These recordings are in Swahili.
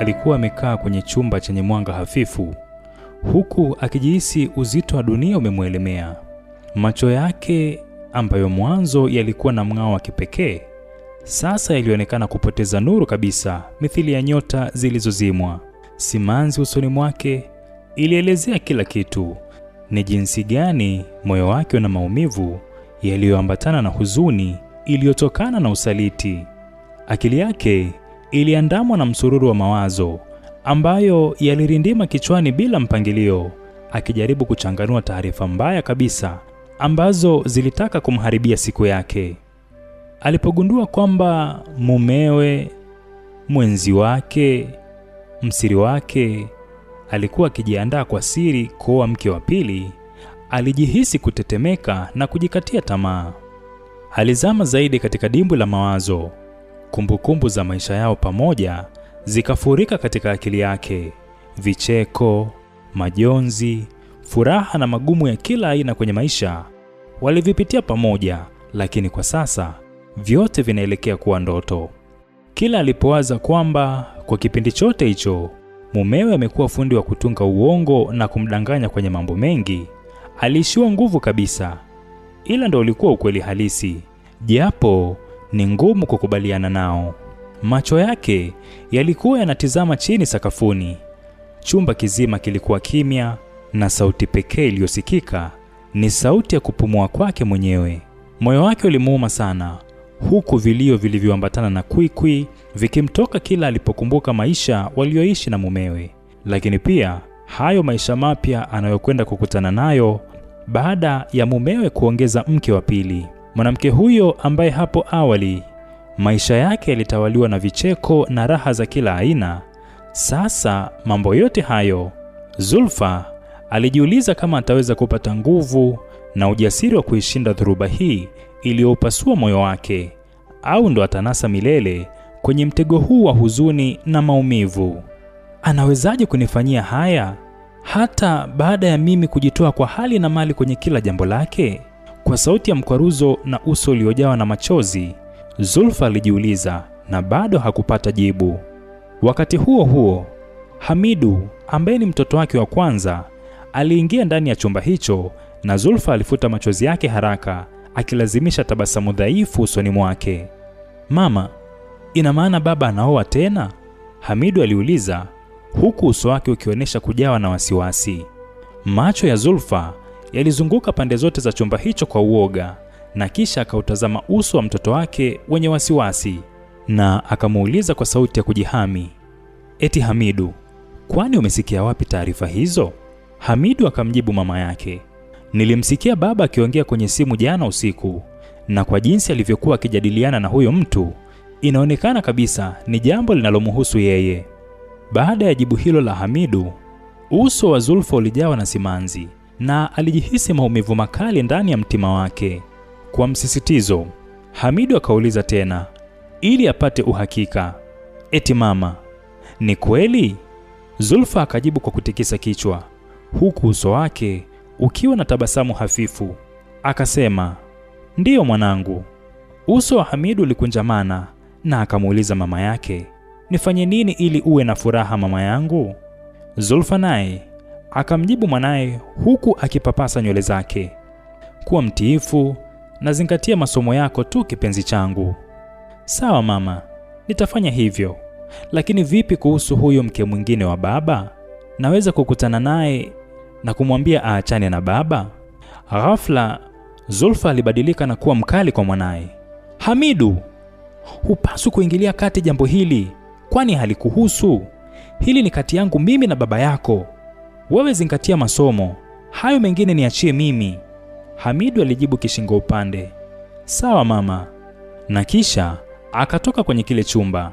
alikuwa amekaa kwenye chumba chenye mwanga hafifu, huku akijihisi uzito wa dunia umemwelemea. Macho yake ambayo mwanzo yalikuwa na mng'ao wa kipekee sasa yalionekana kupoteza nuru kabisa, mithili ya nyota zilizozimwa. Simanzi usoni mwake ilielezea kila kitu, ni jinsi gani moyo wake na maumivu yaliyoambatana na huzuni iliyotokana na usaliti. Akili yake iliandamwa na msururu wa mawazo ambayo yalirindima kichwani bila mpangilio, akijaribu kuchanganua taarifa mbaya kabisa ambazo zilitaka kumharibia siku yake. Alipogundua kwamba mumewe, mwenzi wake, msiri wake alikuwa akijiandaa kwa siri kuoa mke wa pili, alijihisi kutetemeka na kujikatia tamaa. Alizama zaidi katika dimbwi la mawazo kumbukumbu za maisha yao pamoja zikafurika katika akili yake: vicheko, majonzi, furaha na magumu ya kila aina kwenye maisha walivipitia pamoja, lakini kwa sasa vyote vinaelekea kuwa ndoto. Kila alipowaza kwamba kwa kipindi chote hicho mumewe amekuwa fundi wa kutunga uongo na kumdanganya kwenye mambo mengi, aliishiwa nguvu kabisa. Ila ndo ulikuwa ukweli halisi, japo ni ngumu kukubaliana nao. Macho yake yalikuwa yanatizama chini sakafuni. Chumba kizima kilikuwa kimya na sauti pekee iliyosikika ni sauti ya kupumua kwake mwenyewe. Moyo wake ulimuuma sana, huku vilio vilivyoambatana na kwikwi vikimtoka kila alipokumbuka maisha walioishi na mumewe, lakini pia hayo maisha mapya anayokwenda kukutana nayo baada ya mumewe kuongeza mke wa pili. Mwanamke huyo ambaye hapo awali maisha yake yalitawaliwa na vicheko na raha za kila aina, sasa mambo yote hayo, Zulfa alijiuliza kama ataweza kupata nguvu na ujasiri wa kuishinda dhoruba hii iliyopasua moyo wake, au ndo atanasa milele kwenye mtego huu wa huzuni na maumivu. Anawezaje kunifanyia haya hata baada ya mimi kujitoa kwa hali na mali kwenye kila jambo lake? Kwa sauti ya mkwaruzo na uso uliojawa na machozi, Zulfa alijiuliza na bado hakupata jibu. Wakati huo huo, Hamidu ambaye ni mtoto wake wa kwanza aliingia ndani ya chumba hicho na Zulfa alifuta machozi yake haraka akilazimisha tabasamu dhaifu usoni mwake. Mama, ina maana baba anaoa tena? Hamidu aliuliza huku uso wake ukionyesha kujawa na wasiwasi. Macho ya Zulfa yalizunguka pande zote za chumba hicho kwa uoga, na kisha akautazama uso wa mtoto wake wenye wasiwasi na akamuuliza kwa sauti ya kujihami, eti Hamidu, kwani umesikia wapi taarifa hizo? Hamidu akamjibu mama yake, nilimsikia baba akiongea kwenye simu jana usiku, na kwa jinsi alivyokuwa akijadiliana na huyo mtu, inaonekana kabisa ni jambo linalomhusu yeye. Baada ya jibu hilo la Hamidu, uso wa Zulfa ulijawa na simanzi na alijihisi maumivu makali ndani ya mtima wake. Kwa msisitizo, Hamidu akauliza tena ili apate uhakika, eti mama, ni kweli? Zulfa akajibu kwa kutikisa kichwa, huku uso wake ukiwa na tabasamu hafifu. Akasema, ndiyo mwanangu. Uso wa Hamidu ulikunjamana na akamuuliza mama yake, nifanye nini ili uwe na furaha mama yangu? Zulfa naye Akamjibu mwanaye huku akipapasa nywele zake, kuwa mtiifu na zingatia masomo yako tu, kipenzi changu. Sawa mama, nitafanya hivyo, lakini vipi kuhusu huyo mke mwingine wa baba? Naweza kukutana naye na kumwambia aachane na baba? Ghafla Zulfa alibadilika na kuwa mkali kwa mwanaye. Hamidu, hupaswi kuingilia kati jambo hili, kwani halikuhusu. Hili ni kati yangu mimi na baba yako. Wewe zingatia masomo, hayo mengine niachie mimi. Hamidu alijibu kishingo upande, sawa mama, na kisha akatoka kwenye kile chumba.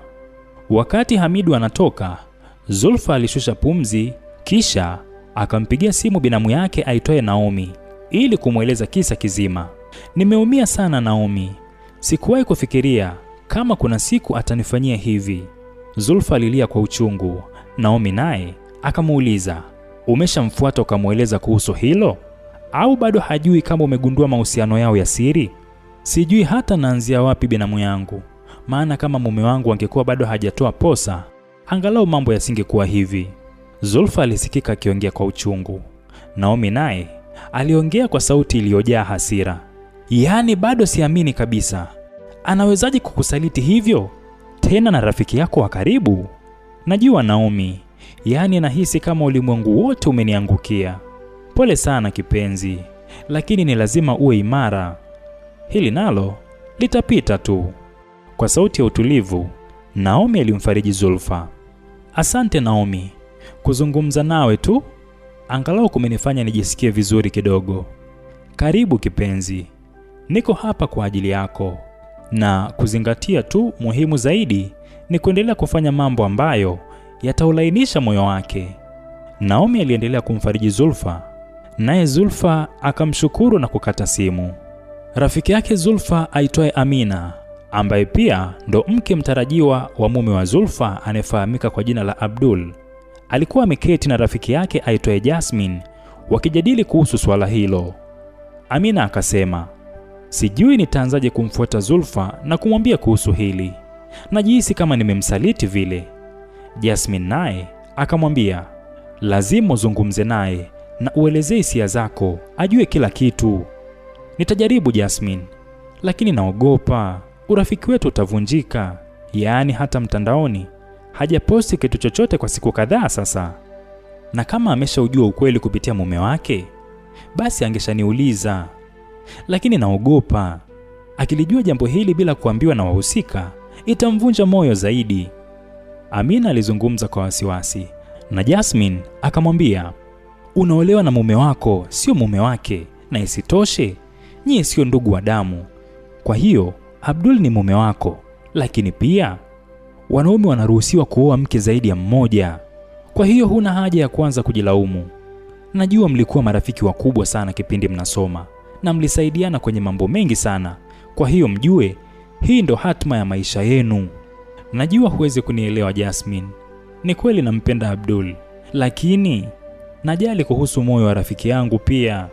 Wakati Hamidu anatoka, Zulfa alishusha pumzi, kisha akampigia simu binamu yake aitwaye Naomi ili kumweleza kisa kizima. Nimeumia sana Naomi, sikuwahi kufikiria kama kuna siku atanifanyia hivi. Zulfa alilia kwa uchungu. Naomi naye akamuuliza umeshamfuata ukamweleza kuhusu hilo, au bado hajui kama umegundua mahusiano yao ya siri? Sijui hata naanzia wapi binamu yangu, maana kama mume wangu angekuwa bado hajatoa posa, angalau mambo yasingekuwa hivi. Zulfa alisikika akiongea kwa uchungu. Naomi naye aliongea kwa sauti iliyojaa hasira. Yaani bado siamini kabisa, anawezaje kukusaliti hivyo tena na rafiki yako wa karibu? Najua Naomi, yaani nahisi kama ulimwengu wote umeniangukia. Pole sana kipenzi, lakini ni lazima uwe imara. Hili nalo litapita tu. Kwa sauti ya utulivu, Naomi alimfariji Zulfa. Asante Naomi, kuzungumza nawe tu angalau kumenifanya nijisikie vizuri kidogo. Karibu kipenzi, niko hapa kwa ajili yako, na kuzingatia tu muhimu zaidi ni kuendelea kufanya mambo ambayo yataulainisha moyo wake. Naomi aliendelea kumfariji Zulfa, naye Zulfa akamshukuru na kukata simu. Rafiki yake Zulfa aitwaye Amina, ambaye pia ndo mke mtarajiwa wa mume wa Zulfa anayefahamika kwa jina la Abdul, alikuwa ameketi na rafiki yake aitwaye Jasmine wakijadili kuhusu swala hilo. Amina akasema, sijui nitaanzaje kumfuata Zulfa na kumwambia kuhusu hili, najihisi kama nimemsaliti vile Jasmine naye akamwambia, lazima uzungumze naye na uelezee hisia zako, ajue kila kitu. Nitajaribu Jasmine, lakini naogopa urafiki wetu utavunjika, yaani hata mtandaoni hajaposti kitu chochote kwa siku kadhaa sasa, na kama ameshaujua ukweli kupitia mume wake basi angeshaniuliza, lakini naogopa akilijua jambo hili bila kuambiwa na wahusika itamvunja moyo zaidi. Amina alizungumza kwa wasiwasi na Jasmine akamwambia, unaolewa na mume wako, sio mume wake, na isitoshe nyie sio ndugu wa damu. Kwa hiyo Abdul ni mume wako, lakini pia wanaume wanaruhusiwa kuoa mke zaidi ya mmoja. Kwa hiyo huna haja ya kuanza kujilaumu. Najua mlikuwa marafiki wakubwa sana kipindi mnasoma na mlisaidiana kwenye mambo mengi sana. Kwa hiyo mjue hii ndo hatma ya maisha yenu najua huwezi kunielewa Jasmine. Ni kweli nampenda Abdul, lakini najali kuhusu moyo wa rafiki yangu pia.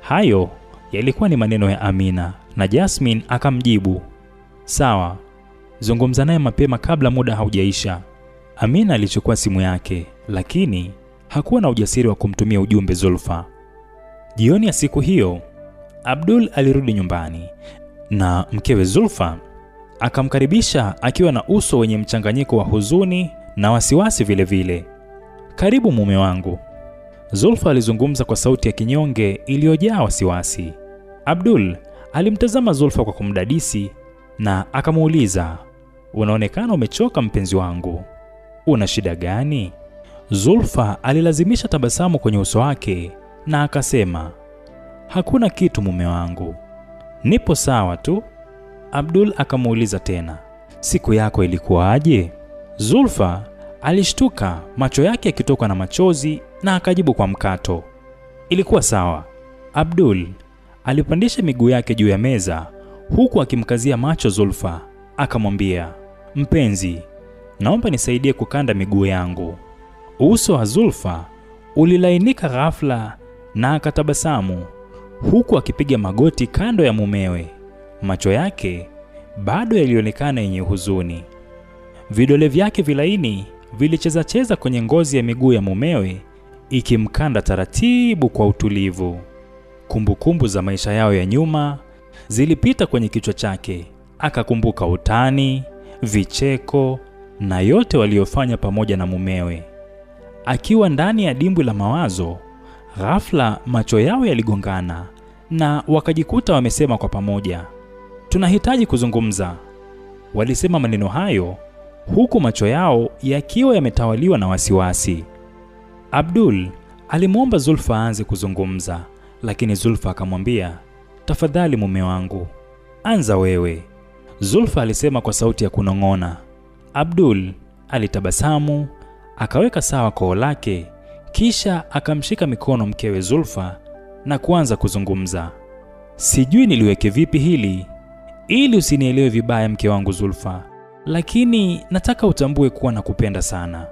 Hayo yalikuwa ni maneno ya Amina na Jasmine akamjibu, sawa, zungumza naye mapema kabla muda haujaisha. Amina alichukua simu yake, lakini hakuwa na ujasiri wa kumtumia ujumbe Zulfa. Jioni ya siku hiyo, Abdul alirudi nyumbani na mkewe Zulfa Akamkaribisha akiwa na uso wenye mchanganyiko wa huzuni na wasiwasi vilevile vile. Karibu mume wangu, Zulfa alizungumza kwa sauti ya kinyonge iliyojaa wasiwasi. Abdul alimtazama Zulfa kwa kumdadisi na akamuuliza, unaonekana umechoka mpenzi wangu, una shida gani? Zulfa alilazimisha tabasamu kwenye uso wake na akasema, hakuna kitu mume wangu, nipo sawa tu. Abdul akamuuliza tena, siku yako ilikuwaje? Zulfa alishtuka, macho yake yakitokwa na machozi, na akajibu kwa mkato, ilikuwa sawa. Abdul alipandisha miguu yake juu ya meza huku akimkazia macho Zulfa, akamwambia, mpenzi, naomba nisaidie kukanda miguu yangu. Uso wa Zulfa ulilainika ghafla na akatabasamu huku akipiga magoti kando ya mumewe. Macho yake bado yalionekana yenye huzuni. Vidole vyake vilaini vilichezacheza kwenye ngozi ya miguu ya mumewe, ikimkanda taratibu kwa utulivu. Kumbukumbu za maisha yao ya nyuma zilipita kwenye kichwa chake, akakumbuka utani, vicheko na yote waliyofanya pamoja na mumewe. Akiwa ndani ya dimbwi la mawazo, ghafla macho yao yaligongana na wakajikuta wamesema kwa pamoja tunahitaji kuzungumza. Walisema maneno hayo huku macho yao yakiwa yametawaliwa na wasiwasi. Abdul alimwomba Zulfa aanze kuzungumza, lakini Zulfa akamwambia, tafadhali mume wangu, anza wewe. Zulfa alisema kwa sauti ya kunong'ona. Abdul alitabasamu akaweka sawa koo lake, kisha akamshika mikono mkewe Zulfa na kuanza kuzungumza. Sijui niliweke vipi hili ili usinielewe vibaya, mke wangu Zulfa, lakini nataka utambue kuwa nakupenda sana.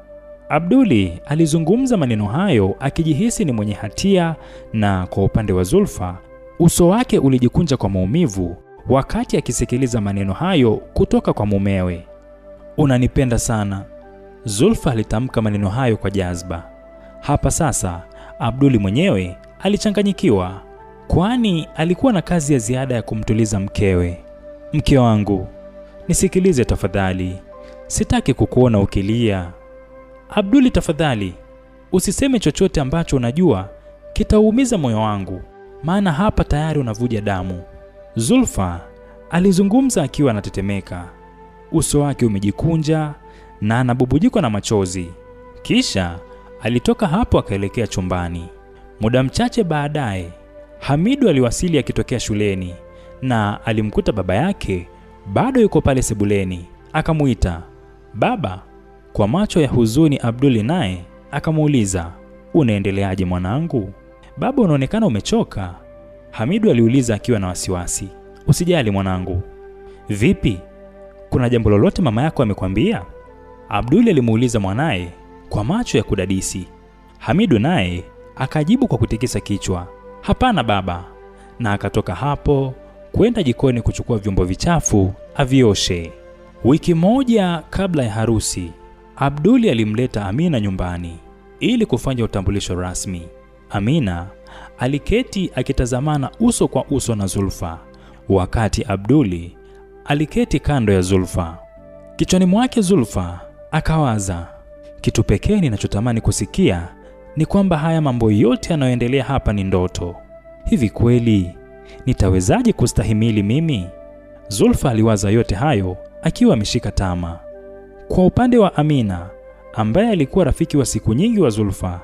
Abduli alizungumza maneno hayo akijihisi ni mwenye hatia, na kwa upande wa Zulfa uso wake ulijikunja kwa maumivu wakati akisikiliza maneno hayo kutoka kwa mumewe. Unanipenda sana. Zulfa alitamka maneno hayo kwa jazba. Hapa sasa Abduli mwenyewe alichanganyikiwa, kwani alikuwa na kazi ya ziada ya kumtuliza mkewe mke wangu, nisikilize tafadhali, sitaki kukuona ukilia. Abduli, tafadhali usiseme chochote ambacho unajua kitauumiza moyo wangu, maana hapa tayari unavuja damu. Zulfa alizungumza akiwa anatetemeka, uso wake umejikunja na anabubujikwa na machozi. Kisha alitoka hapo akaelekea chumbani. Muda mchache baadaye, Hamidu aliwasili akitokea shuleni na alimkuta baba yake bado yuko pale sebuleni. Akamuita baba. Kwa macho ya huzuni, Abduli naye akamuuliza unaendeleaje mwanangu? Baba, unaonekana umechoka. Hamidu aliuliza akiwa na wasiwasi. Usijali mwanangu. Vipi, kuna jambo lolote mama yako amekwambia? Abduli alimuuliza mwanaye kwa macho ya kudadisi. Hamidu naye akajibu kwa kutikisa kichwa, hapana baba, na akatoka hapo kwenda jikoni kuchukua vyombo vichafu avioshe. Wiki moja kabla ya harusi, Abduli alimleta Amina nyumbani ili kufanya utambulisho rasmi. Amina aliketi akitazamana uso kwa uso na Zulfa, wakati Abduli aliketi kando ya Zulfa. Kichwani mwake Zulfa akawaza, kitu pekee ninachotamani kusikia ni kwamba haya mambo yote yanayoendelea hapa ni ndoto. Hivi kweli nitawezaje kustahimili mimi? Zulfa aliwaza yote hayo akiwa ameshika tama. Kwa upande wa Amina ambaye alikuwa rafiki wa siku nyingi wa Zulfa,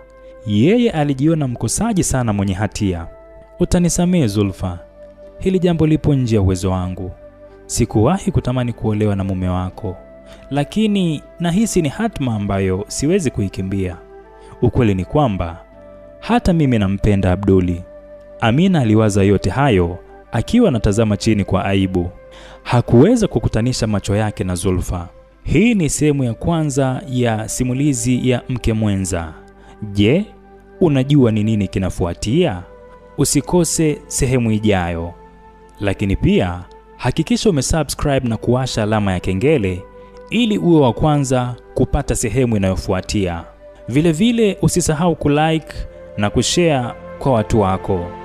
yeye alijiona mkosaji sana mwenye hatia. Utanisamehe Zulfa, hili jambo lipo nje ya uwezo wangu. Sikuwahi kutamani kuolewa na mume wako, lakini nahisi ni hatma ambayo siwezi kuikimbia. Ukweli ni kwamba hata mimi nampenda Abduli, Amina aliwaza yote hayo akiwa anatazama chini kwa aibu. Hakuweza kukutanisha macho yake na Zulfa. Hii ni sehemu ya kwanza ya simulizi ya Mke Mwenza. Je, unajua ni nini kinafuatia? Usikose sehemu ijayo. Lakini pia hakikisha umesubscribe na kuwasha alama ya kengele ili uwe wa kwanza kupata sehemu inayofuatia. Vilevile usisahau kulike na kushare kwa watu wako.